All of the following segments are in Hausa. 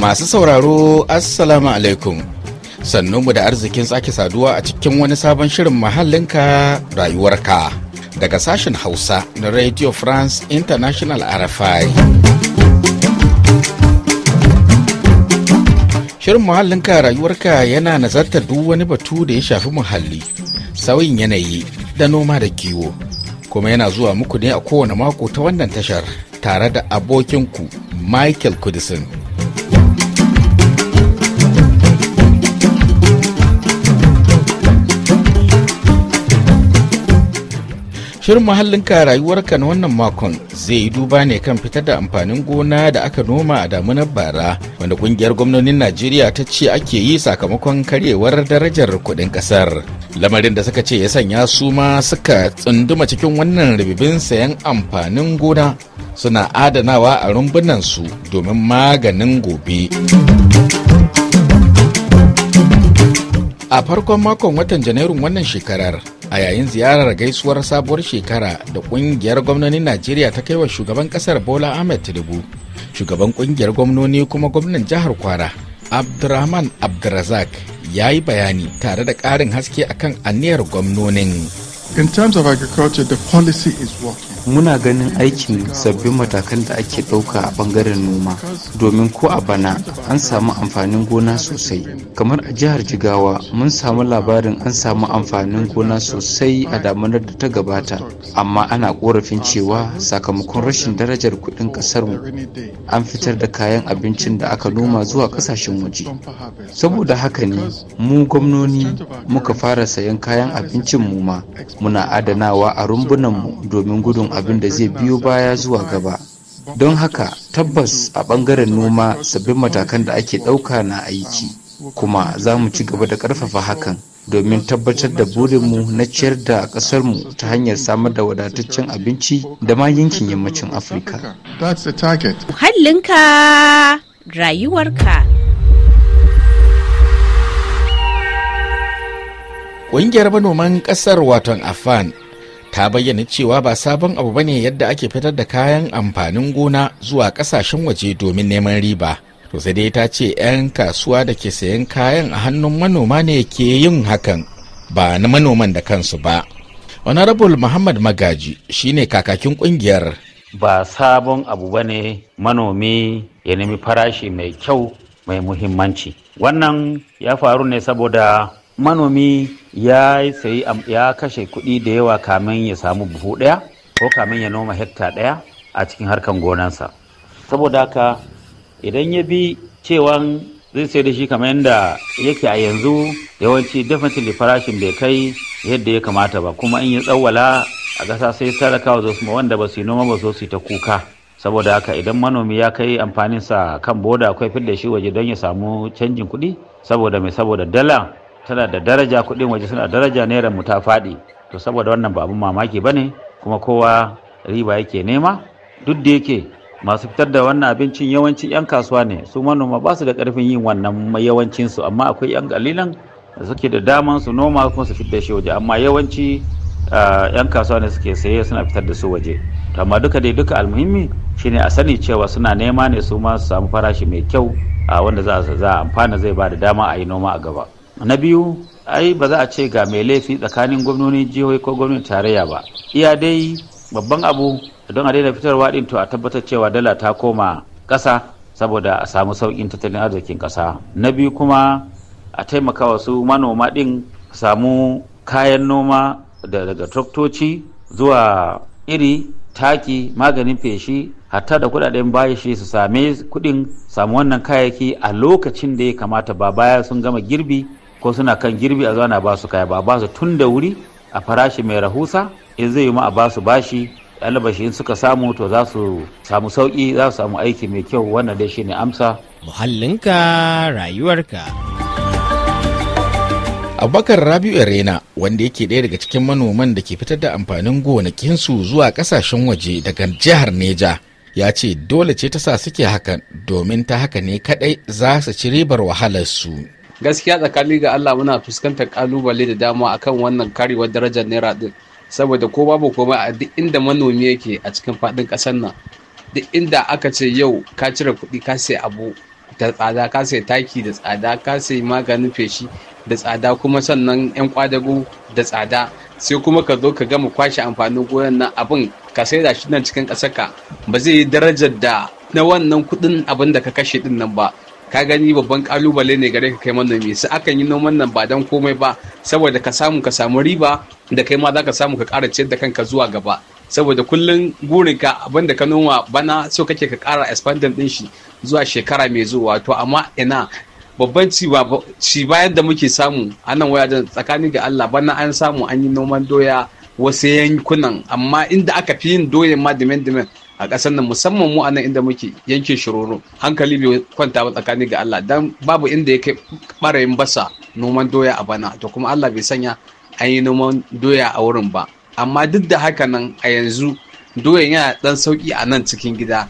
Masu sauraro Assalamu alaikum. Sannunmu da arzikin sake saduwa a cikin wani sabon shirin mahallinka rayuwarka daga sashen Hausa na Radio France International RFI. Shirin muhallinka rayuwarka yana nazartar duk wani batu da ya shafi muhalli, sauyin yanayi da noma da kiwo. Kuma yana zuwa muku ne a kowane mako ta wannan tashar tare da abokinku Michael Kudisin. Shirin muhallinka rayuwarka na wannan makon zai yi duba ne kan fitar da amfanin gona da aka noma a damunar bara wanda kungiyar gwamnonin Najeriya ta ce ake yi sakamakon karyewar darajar kuɗin ƙasar. Lamarin da suka ce ya sanya su ma suka tsunduma cikin wannan ribibin sayan amfanin gona suna adanawa a rumbunan su domin maganin gobe. A farkon makon watan Janairun wannan shekarar a yayin ziyarar gaisuwar sabuwar shekara da kungiyar gwamnonin najeriya ta kai wa shugaban kasar bola ahmed tinubu shugaban kungiyar gwamnoni kuma gwamnan jihar kwara abdurrahman abdurrazak ya yi bayani tare da ƙarin haske akan aniyar gwamnonin in terms of agriculture the policy is what muna ganin aikin sabbin matakan da ake ɗauka a ɓangaren noma domin ko a bana an samu amfanin gona sosai kamar a jihar jigawa mun samu labarin an samu amfanin gona sosai a damanar da ta gabata amma ana korafin cewa sakamakon rashin darajar kuɗin mu an fitar da kayan abincin da aka noma zuwa ƙasashen waje saboda haka ne mu gwamnoni muka fara sayan kayan abincin mu ma muna adanawa a rumbunan mu domin gudun abin da zai biyo baya zuwa gaba don haka tabbas a ɓangaren noma sabbin matakan da ake ɗauka na aiki kuma za mu ci gaba da ƙarfafa hakan domin tabbatar da burinmu na ciyar da ƙasarmu ta hanyar samar da wadataccen abinci da ma yankin yammacin afirka rayuwar ka. ƙungiyar manoman ƙasar waton afan ta bayyana cewa ba sabon abu bane yadda ake fitar da kayan amfanin gona zuwa kasashen waje domin neman riba to sai dai ta ce 'yan kasuwa da ke sayan kayan a hannun manoma ne ke yin hakan ba na manoman da kansu ba honorable muhammad magaji shine kakakin kungiyar ba sabon abu bane manomi ya nemi farashi mai kyau mai muhimmanci wannan ya faru ne saboda manomi ya sayi ya kashe kuɗi da yawa kamin ya samu buhu ɗaya ko kamin ya noma hekta ɗaya a cikin harkan gonansa saboda haka idan ya bi cewan zai sai da shi kamar yadda yake a yanzu yawanci definitely farashin bai kai yadda ya kamata ba kuma in ya tsawwala a gasa sai sarakawa zo su wanda ba su yi noma ba zo su ta kuka saboda haka idan manomi ya kai amfaninsa kan boda akwai fidda shi waje don ya samu canjin kuɗi saboda mai saboda dala tana da daraja kuɗin waje suna daraja naira mu ta faɗi to saboda wannan ba abin mamaki ba ne kuma kowa riba yake nema duk da yake masu fitar da wannan abincin yawancin 'yan kasuwa ne su manoma ba su da ƙarfin yin wannan yawancinsu amma akwai 'yan ƙalilan da suke da daman su noma kuma su fitar da shi waje amma yawanci 'yan ah, kasuwa ne suke saye suna fitar da su waje amma duka dai duka almuhimmi shine a sani cewa suna nema ne su ma su samu farashi mai kyau a ah, wanda za a amfana zai ba da dama a yi noma a gaba. na biyu ai ba za a ce ga mai laifi tsakanin gwamnoni jihohi ko gwamnati tarayya ba iya dai babban abu don a daina fitarwa din to a tabbatar cewa dala ta koma kasa saboda a samu sauƙin tattalin arzikin kasa na biyu kuma a taimaka wasu manoma din samu kayan noma daga traktoci zuwa iri taki maganin feshi hatta da kudaden shi su same kudin samu wannan kayayyaki a lokacin da ya kamata ba baya sun gama girbi ko suna kan girbi a zauna ba su kaya ba ba su tun da wuri a farashi mai rahusa in zai yi ma a ba su bashi albashi in suka samu to za su samu sauki za su samu aiki mai kyau wannan dai ne amsa muhallinka rayuwarka abubakar rabiu arena wanda yake ɗaya daga cikin manoman da ke fitar da amfanin gonakinsu zuwa ƙasashen waje daga jihar neja ya ce dole ce ta sa suke hakan domin ta haka ne kadai za su ci ribar wahalarsu gaskiya tsakani ga Allah muna fuskantar kalubale da dama akan wannan karewar darajar naira din saboda ko babu komai a duk inda manomi yake a cikin faɗin ƙasar nan duk inda aka ce yau ka cire kuɗi ka sai abu da tsada ka sai taki da tsada ka sai maganin feshi da tsada kuma sannan 'yan kwadago da tsada sai kuma ka zo ka gama kwashe amfanin gonan nan abin ka sai da shi nan cikin ƙasar ba zai yi darajar da na wannan kuɗin abin da ka kashe din nan ba ka gani babban kalubale ne gare ka kai manomi su akan yi noman nan ba dan komai ba saboda ka samu ka samu riba da kai ma za ka samu ka ƙara ciyar da kanka zuwa gaba saboda kullum burin ka abinda ka noma bana so kake ka ƙara expanding din shi zuwa shekara mai zuwa to amma ina babban ci bayan da muke samu a nan waya tsakani ga Allah bana an samu an yi noman doya wasu yankunan amma inda aka fi yin doya ma dimen dimen a ƙasar nan musamman mu a nan inda muke yankin shiroro hankali bai kwanta ba tsakani ga Allah dan babu inda ya kai ɓarayin basa noman doya a bana to kuma Allah bai sanya an yi noman doya a wurin ba amma duk da haka nan a yanzu doyan yana dan sauki a nan cikin gida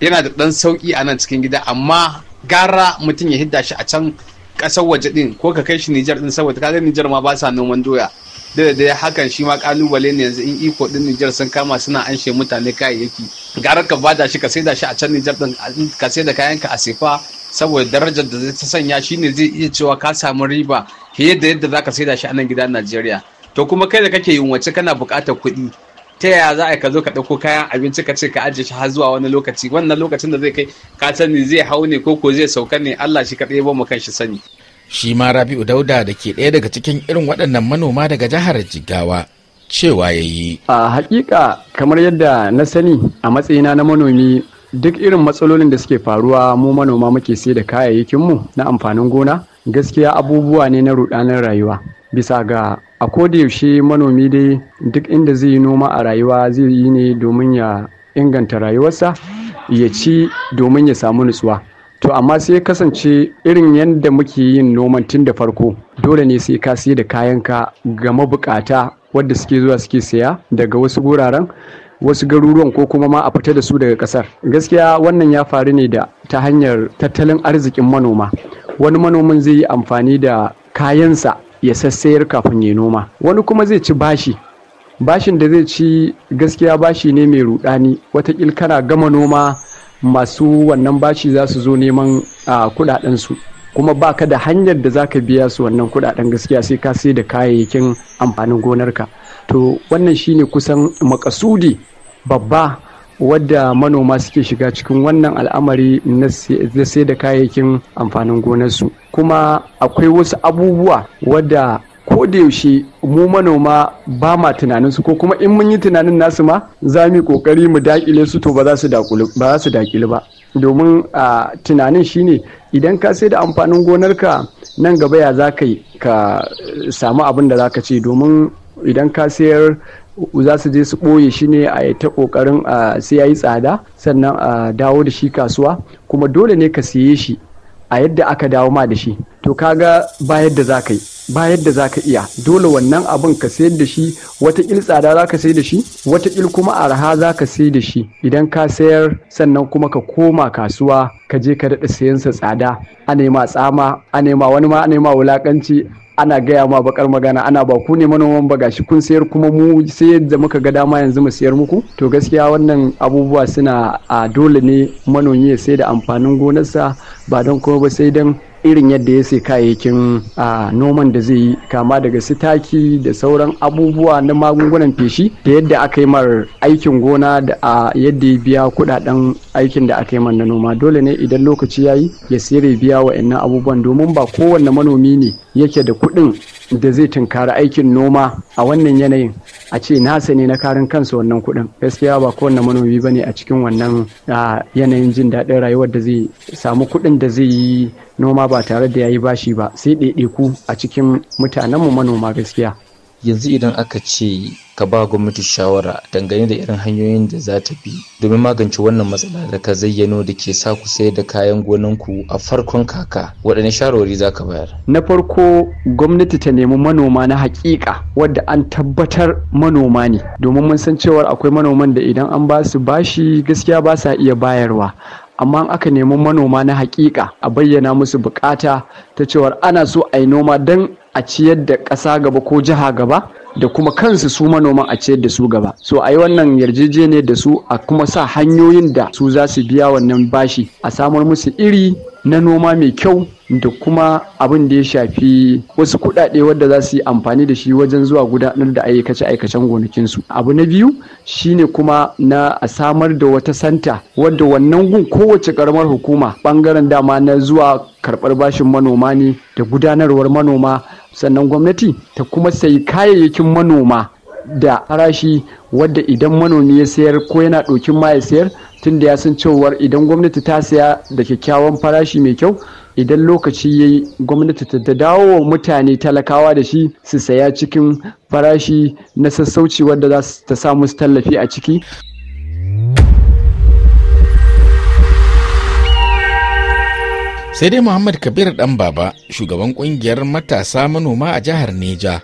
yana da ɗan sauki a nan cikin gida amma gara mutum ya hidda shi a can ƙasar waje ɗin, ko ka kai shi Nijar din saboda ga Nijar ma ba sa noman doya da da hakan shi ma kalubale ne yanzu in iko din Nijar sun kama suna anshe mutane kayayyaki gara ka bada shi ka saida shi a can Nijar din ka saida kayan ka a sefa saboda darajar da zai ta sanya shine zai iya cewa ka samu riba fiye da yadda zaka saida shi a nan gida Najeriya to kuma kai da kake yin wace kana buƙatar kuɗi ta yaya za a ka zo ka ɗauko kayan abinci ka ce ka ajiye shi har zuwa wani lokaci wannan lokacin da zai kai ka sani zai hau ne ko ko zai sauka ne Allah shi kaɗai ba mu kan shi sani shi ma Rabi'u Dauda da ke ɗaya daga cikin irin waɗannan manoma daga jihar Jigawa cewa ya yi. A hakika kamar yadda na sani a matsayina na manomi duk irin matsalolin da suke faruwa mu manoma muke sai da kayayyakinmu na amfanin gona gaskiya abubuwa ne na rudanar rayuwa bisa ga a yaushe manomi dai duk inda zai yi noma a rayuwa zai yi ne domin ya inganta rayuwarsa ya ci domin ya samu nutsuwa to amma sai kasance irin yadda muke yin noman tun da farko dole ne sai ka sai da kayanka ga mabukata wadda suke zuwa suke saya daga wasu guraren wasu garuruwan ko kuma ma a fita da su daga kasar gaskiya wannan ya faru ne da ta hanyar tattalin arzikin manoma wani manomin zai yi amfani da kayansa ya sassayar kafin ya noma wani kuma zai ci bashi bashin da zai ci gaskiya bashi ne mai rudani watakil kana gama noma masu wannan bashi za su zo neman ah, su kuma baka da hanyar da zaka biya su wannan kudaden gaskiya sai ka sai da kayayyakin amfanin gonarka to wannan shine kusan makasudi babba wadda manoma suke shiga cikin wannan al'amari na sai da kayayyakin amfanin gonarsu kuma akwai wasu abubuwa wadda ko da yaushe mu manoma ba ma tunanin su ko kuma in mun yi tunanin nasu ma za mu kokari mu dakile su to ba za su dakile ba domin ah, tunanin shine idan ka sai da amfanin gonarka nan gaba ya za ka ka samu abin da za ka ce domin idan ka sayar za su je su ɓoye shi ne a ta ƙoƙarin sai ya yi tsada sannan a dawo da shi kasuwa kuma dole ne ka saye shi a yadda aka dawo ma da shi to kaga ba yadda za ka yi ba yadda za ka iya dole wannan abin ka sayar da shi watakil tsada za ka sayar da shi watakil kuma araha za ka sayar da shi idan ka sayar sannan kuma ka koma kasuwa ka je ka daɗa sayansa tsada a nema tsama a nema wani ma a nema wulakanci ana gaya ma bakar magana ana ba ku ne manoman ba gashi kun sayar kuma mu sai yadda muka ga dama yanzu mu sayar muku to gaskiya wannan abubuwa suna a dole ne manomi ya sai da amfanin gonarsa ba don kuma ba sai don irin yadda ya sai kayayyakin noman da zai yi kama daga sitaki da sauran abubuwa na magungunan feshi da yadda aka yi mar aikin gona da a yadda ya biya kudaden aikin da aka yi mar na noma dole ne idan lokaci ya yi ya sai biya wa abubuwan domin ba kowanne manomi ne yake da kuɗin da zai tunkari aikin noma a wannan yanayin a ce nasa ne na karin kansa wannan kuɗin gaskiya ba kowane manomi ba ne a cikin wannan yanayin jin daɗin rayuwar da zai samu kuɗin da zai yi noma ba tare da ya yi bashi ba sai ɗaiɗaiku a cikin mutanenmu manoma gaskiya yanzu idan aka ce ka ba gwamnati shawara dangane da irin hanyoyin da za ta bi domin magance wannan matsala da ka zayyano da ke sa ku sayar da kayan gonanku a farkon kaka waɗanne shawarwari za ka bayar na farko gwamnati ta nemi manoma na haƙiƙa wadda an tabbatar manoma ne domin mun san cewar akwai manoman da idan an ba su bashi gaskiya ba sa iya bayarwa amma aka nemi manoma na hakika a bayyana musu bukata ta cewar ana so a yi noma don a ciyar da ƙasa gaba ko jiha gaba da kuma kansu su manoma a ciyar da su gaba so a yi wannan yarjejeniyar da su a kuma sa hanyoyin da su za su biya wannan bashi a samar musu iri na noma mai kyau da kuma abin da ya shafi wasu kuɗaɗe wadda za su yi amfani da shi wajen zuwa gudanar da aikace-aikacen gonakinsu abu na biyu shine kuma na a samar da wata santa wadda wannan gun kowace karamar hukuma ɓangaren dama na zuwa karɓar bashin manoma ne da gudanarwar manoma sannan gwamnati ta kuma sayi kayayyakin manoma da farashi wadda idan manomi ya sayar ko yana ɗokin ma ya sayar tun da ya san cewar idan gwamnati ta saya da kyakkyawan farashi mai kyau idan lokaci ya yi gwamnati ta dawo wa mutane talakawa da shi su saya cikin farashi na sassauci wadda za ta sa musu tallafi a ciki sai dai muhammad kabir dan baba shugaban kungiyar matasa manoma a jihar neja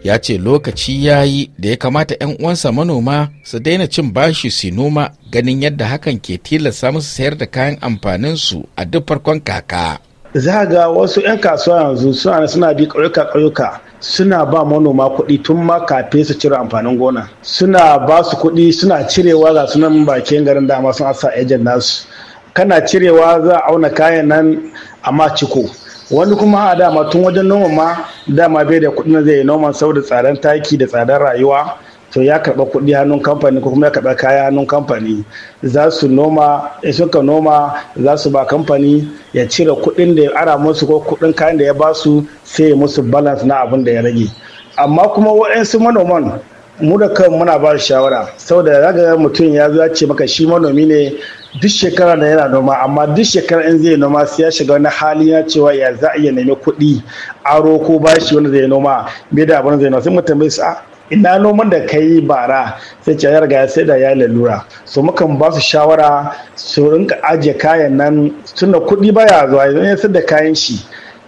ya ce lokaci ya yi da ya kamata 'yan uwansa manoma su daina cin bashi su noma ganin yadda hakan ke tilasta musu sayar da kayan amfaninsu a duk farkon kaka za ga wasu 'yan kasuwa yanzu suna suna bi ƙauyuka ƙauyuka suna ba manoma kuɗi tun ma kafin su cire amfanin gona suna ba su kuɗi suna cirewa ga sunan bakin garin dama sun asa ejen nasu kana cirewa za a auna kayan nan a maciko ciko wani kuma a dama tun wajen noma ma dama bai da na zai noman saboda tsadar taki da tsadar rayuwa to ya karɓa kuɗi hannun kamfani ko kuma ya karɓa kaya hannun kamfani za su noma ya suka noma za su ba kamfani ya cire kuɗin da ya ara musu ko kuɗin kayan da ya ba su sai ya musu balance na abin da ya rage amma kuma waɗansu manoman mu da kan muna ba shawara saboda zaga mutum ya zo ya ce maka shi manomi ne duk shekara da yana noma amma duk shekara in zai noma sai ya shiga wani hali ya cewa ya za a iya nemi kuɗi aro ko bashi wanda zai noma bai da abin zai noma sai mu tambaye sa ina noman da ka yi bara sai ce ya riga ya sai da ya lalura so mukan ba su shawara su rinka ajiye kayan nan tunda kuɗi baya zuwa yanzu ya sai da kayan shi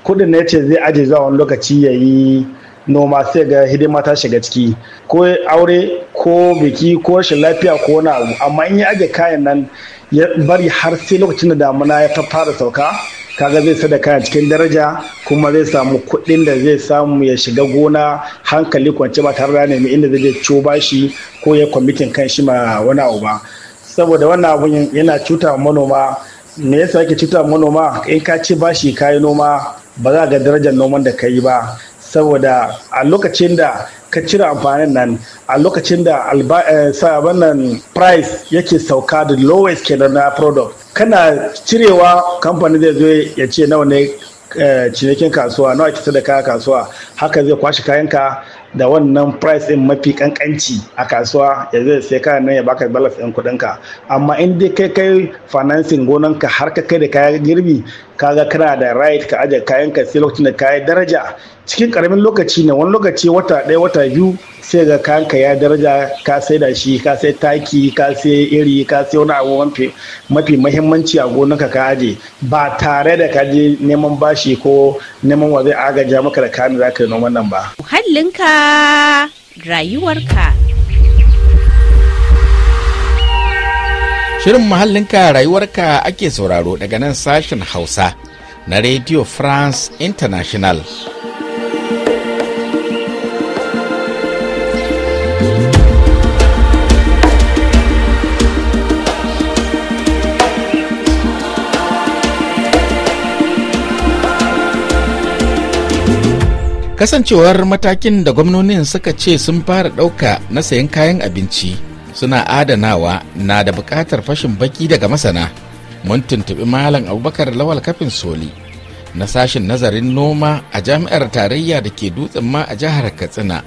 kuɗin ne ce zai ajiye zuwa wani lokaci ya yi noma sai ga hidima ta shiga ciki ko aure ko biki ko rashin lafiya ko wani abu amma in ya ajiye kayan nan ya bari har sai lokacin da damuna ya fara sauka kaga zai da kayan cikin daraja kuma zai samu kuɗin da zai samu ya shiga gona hankali kwance ba tare da nemi inda zai je ciwo shi ko ya kwamitin kan shi ma wani abu ba saboda wannan abun yana cuta manoma me yasa yake cuta manoma in ka ci bashi kayi noma ba za ga darajar noman da ka yi ba saboda a lokacin da ka cire amfanin nan a lokacin da eh, sabon nan price yake sauka da lowest kenan na product kana cirewa kamfani zai zo ya ce nawa ne eh, cinikin kasuwa nawa kisa da kaya kasuwa haka zai kwashe kayanka da wannan price din mafi kankanci a kasuwa ya zai sai kayan nan ya baka balas ɗin kuɗinka. amma in dai kai kai financing gonan har ka kai da kayan girbi kaga kana da right ka ajiye kayanka ka sai lokacin da kayan daraja cikin karamin lokaci ne wani lokaci wata ɗaya wata biyu sai ga kayanka ya daraja ka sai da shi ka sai taki ka sai iri ka sai wani abu mafi mahimmanci a gonaka ka aje ba tare da ka je neman bashi ko neman wa zai agaja maka da kani za ka yi noman nan ba. Muhallinka rayuwarka. Shirin muhallinka rayuwarka ake sauraro daga nan sashen Hausa na Radio France International. kasancewar matakin da gwamnonin suka ce sun fara ɗauka na sayan kayan abinci suna adanawa na da buƙatar fashin baki daga masana mun tuntuɓi malam abubakar lawal kafin soli na sashin nazarin noma a jami'ar tarayya da ke dutsen ma a jihar katsina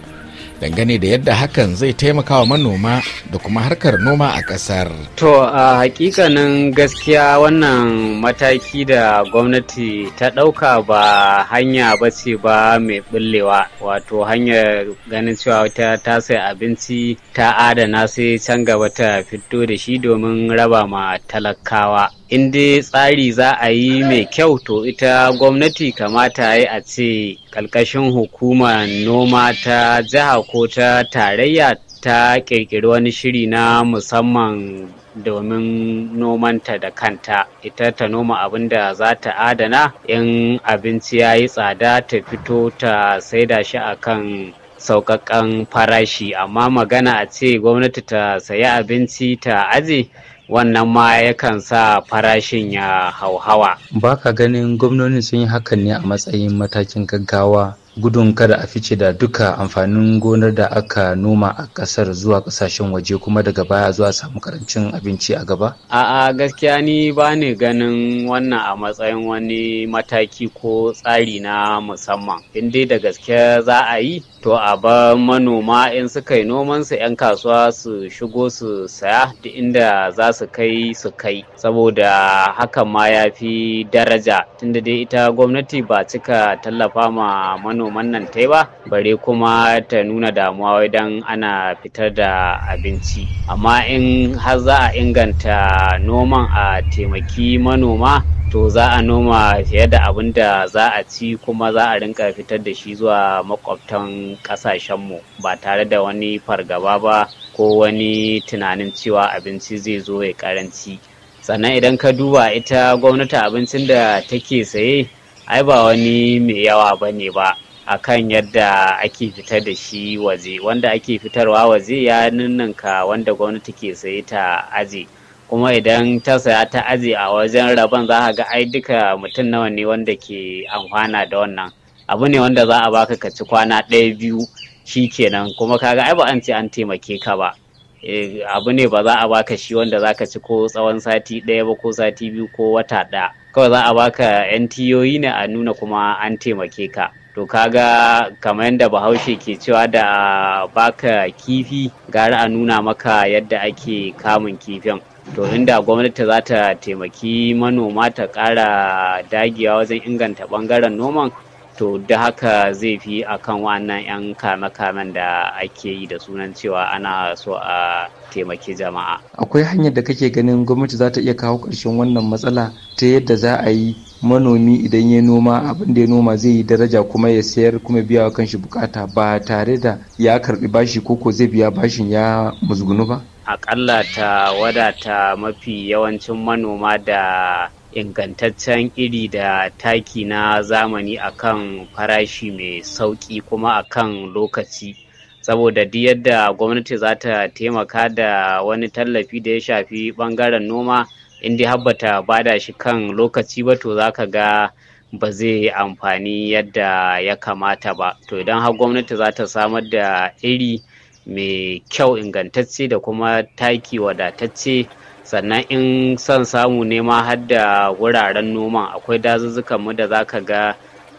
dangane da yadda hakan zai taimaka wa manoma da kuma harkar noma a ƙasar. To a hakikanin gaskiya wannan mataki da gwamnati ta ɗauka ba hanya ba ce ba mai ɓullewa wato hanyar ganin cewa ta tasa abinci ta adana sai can gaba ta fito da shi domin raba ma talakawa. in dai tsari za a yi mai kyau to ita gwamnati kamata yi a ce ƙarƙashin hukumar noma ta jiha ko ta tarayya ta ƙirƙiri wani shiri na musamman domin nomanta da kanta ita ta noma abin da za ta adana in abinci ya yi tsada ta fito ta saida shi akan sauƙaƙƙen farashi amma magana a ce gwamnati ta sayi abinci ta aje wannan ma yakan sa farashin ya hauhawa. Ba ka ganin gwamnoni sun yi hakan ne a matsayin matakin gaggawa gudun kada a fice da duka amfanin gonar da aka noma a ƙasar zuwa ƙasashen waje kuma daga baya zuwa samu karancin abinci a gaba? A'a gaskiya ni ba ni ganin wannan a matsayin wani mataki ko tsari na musamman. In da gaske za a yi to a ba manoma in suka yi nomansu 'yan kasuwa su shigo su saya da inda za su kai su kai saboda hakan ma ya fi daraja tunda dai ita gwamnati ba cika tallafa ma manoman nan ta ba bare kuma ta nuna damuwa idan ana fitar da abinci amma in har za a inganta noman a taimaki manoma to za a noma fiye da abin da za a ci kuma za a rinka fitar da shi zuwa makwabtan ƙasashenmu ba tare da wani fargaba ba ko wani tunanin cewa abinci zai zo ya karanci sannan idan ka duba ita gwamnati abincin da take saye ai ba wani mai yawa ba ne ba A kan yadda ake fitar da shi waje wanda ake fitarwa waje ya ninninka wanda gwamnati ke saye ta aje kuma idan ta saya ta aji a wajen rabon za ga ai duka mutum nawa ne wanda ke amfana da wannan abu ne wanda za a baka ka ci kwana ɗaya biyu shi kenan kuma kaga ai ba an ce an taimake ka ba eh, abu ne ba za a baka shi wanda za ka ci ko tsawon sati ɗaya ba ko sati biyu ko wata ɗaya kawai za a baka yan tiyoyi e ne a nuna kuma an taimake ka to ka kaga kamar yadda bahaushe ke cewa da baka kifi gara a nuna maka yadda ake kamun kifin to inda gwamnati za ta taimaki manoma ta ƙara dagiya wajen inganta ɓangaren noman to da haka zai fi akan wannan 'yan kame-kamen da ake yi da sunan cewa ana so a taimaki jama'a. Akwai hanyar da kake ganin gwamnati za ta iya kawo ƙarshen wannan matsala ta yadda za a yi manomi idan ya noma abin da ya noma zai yi daraja kuma ya sayar kuma biya wa kanshi bukata ba tare da ya karbi bashi koko zai biya bashin ya musgunu ba? akalla ta wadata mafi yawancin manoma da ingantaccen iri da taki na zamani akan farashi mai sauƙi kuma akan lokaci saboda duk yadda gwamnati za ta taimaka da wani tallafi da ya shafi bangaren noma in dai ta bada shi kan lokaci ba to za ka ga ba zai amfani yadda ya kamata ba to idan har gwamnati za ta samar da iri mai kyau ingantacce da kuma taki wadatacce sannan in son samu nema har da wuraren noman akwai dazuzzukan mu da za ka ga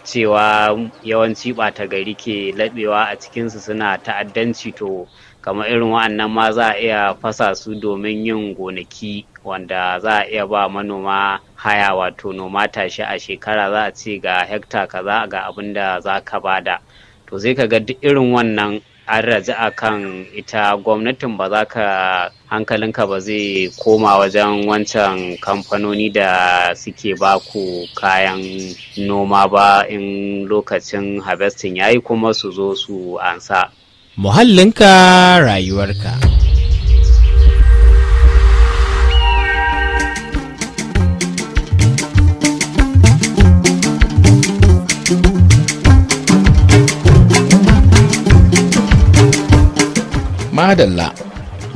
cewa yawanci ɓata gari ke laɓewa a cikinsu suna ta'addanci to kamar irin wa'annan ma za a iya fasa su domin yin gonaki wanda za a iya ba manoma haya wato noma tashi a shekara za a ce ga hekta kaza ga abin da za ka bada to sai ka ga duk irin wannan an raji kan ita gwamnatin ba za ka hankalinka ba zai koma wajen wancan kamfanoni da suke ba ku kayan noma ba in lokacin harvesting yayi kuma su zo su ansa muhallinka rayuwarka. madalla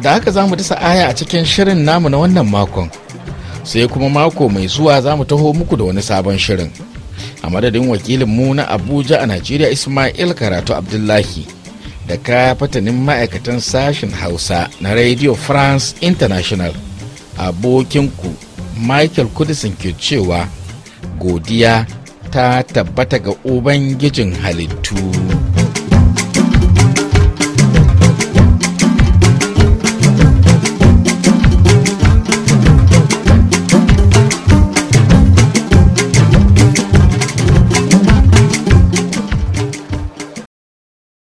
da haka za mu dasa aya a cikin shirin namu na wannan makon sai kuma mako mai zuwa za mu taho muku da wani sabon shirin a madadin wakilinmu na abuja a najeriya ismail karatu abdullahi da kaya fatanin ma'aikatan sashen hausa na radio france international abokinku michael kudisin ke cewa godiya ta tabbata ga ubangijin halittu.